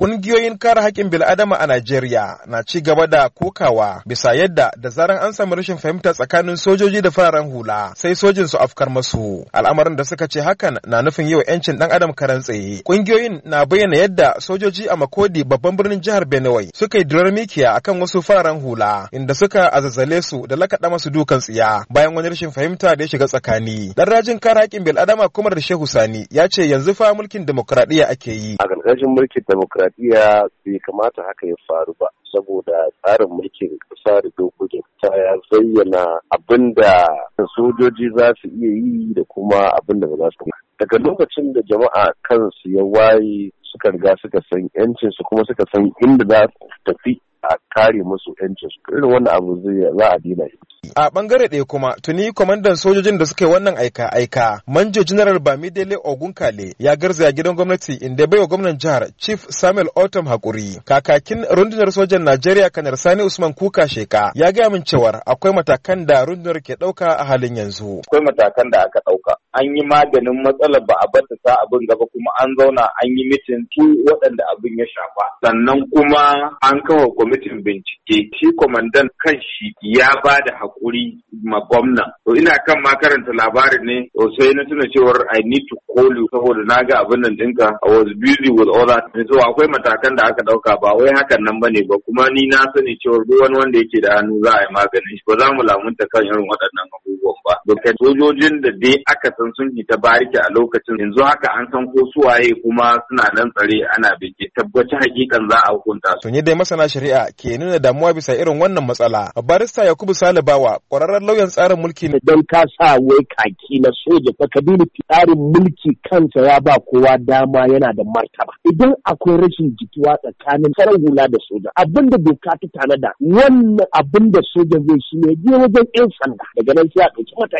Kungiyoyin kare haƙƙin bil'adama a Najeriya na ci gaba da kokawa bisa yadda da zaran an samu rashin fahimta tsakanin sojoji da fararen hula sai sojin su afkar masu. Al'amarin da suka ce hakan na nufin yau 'yancin dan adam karan tsaye. Kungiyoyin na bayyana yadda sojoji a Makodi babban birnin jihar Benue suka yi durar mikiya akan wasu fararen hula inda suka azazzale su da lakaɗa masu dukan tsiya bayan wani rashin fahimta da ya shiga tsakani. Dan rajin kare haƙƙin bil'adama kuma da Shehu Sani ya ce yanzu fa mulkin demokradiyya ake yi. A ƙarƙashin mulkin demokradiyya demokradiyya bai kamata haka ya faru ba saboda tsarin mulkin ƙasa da dokokin ta ya zayyana abin da sojoji za su iya yi da kuma abin da ba za su yi daga lokacin da jama'a kansu ya waye suka riga suka san 'yancinsu kuma suka san inda za su tafi a kare musu yancin su irin wannan abu zai za a dina shi a bangare ɗaya kuma tuni kwamandan sojojin da suka yi wannan aika aika manjo general bamidele ogunkale ya garzaya gidan gwamnati inda baiwa gwamnan jihar chief samuel otom hakuri kakakin rundunar sojan najeriya kanar sani usman kuka sheka ya gaya min cewar akwai matakan da rundunar ke ɗauka a halin yanzu akwai matakan da aka ɗauka an yi maganin matsalar ba a bata sa abin gaba kuma an zauna an yi mitin su waɗanda abin ya shafa sannan kuma an kawo kwamitin bincike shi kwamandan kan shi ya ba da haƙuri ma gwamna to ina kan ma karanta labarin ne to sai na tuna cewar I need to call you saboda na ga abin nan dinka I was busy with all that so akwai matakan da aka ɗauka ba wai hakan nan bane ba kuma ni na sani cewar duk wani wanda yake da hannu za a yi maganin shi ba za mu lamunta kan irin waɗannan abubuwan ba sojojin da dai aka san sun ta bariki a lokacin yanzu haka an san ko suwaye kuma suna nan tsare ana bege tabbaci hakikan za a hukunta su. Tuni dai masana shari'a ke nuna damuwa bisa irin wannan matsala. Barista Yakubu Salibawa kwararren lauyan tsarin mulki ne. Don ka sa wai kaki na soja ka kabilu tsarin mulki kansa ya ba kowa dama yana da martaba. Idan akwai rashin jituwa tsakanin farar hula da soja abinda da doka ta tanada wannan abin da soja zai shi ne je wajen 'yan sanda daga nan sai a ɗauki ta.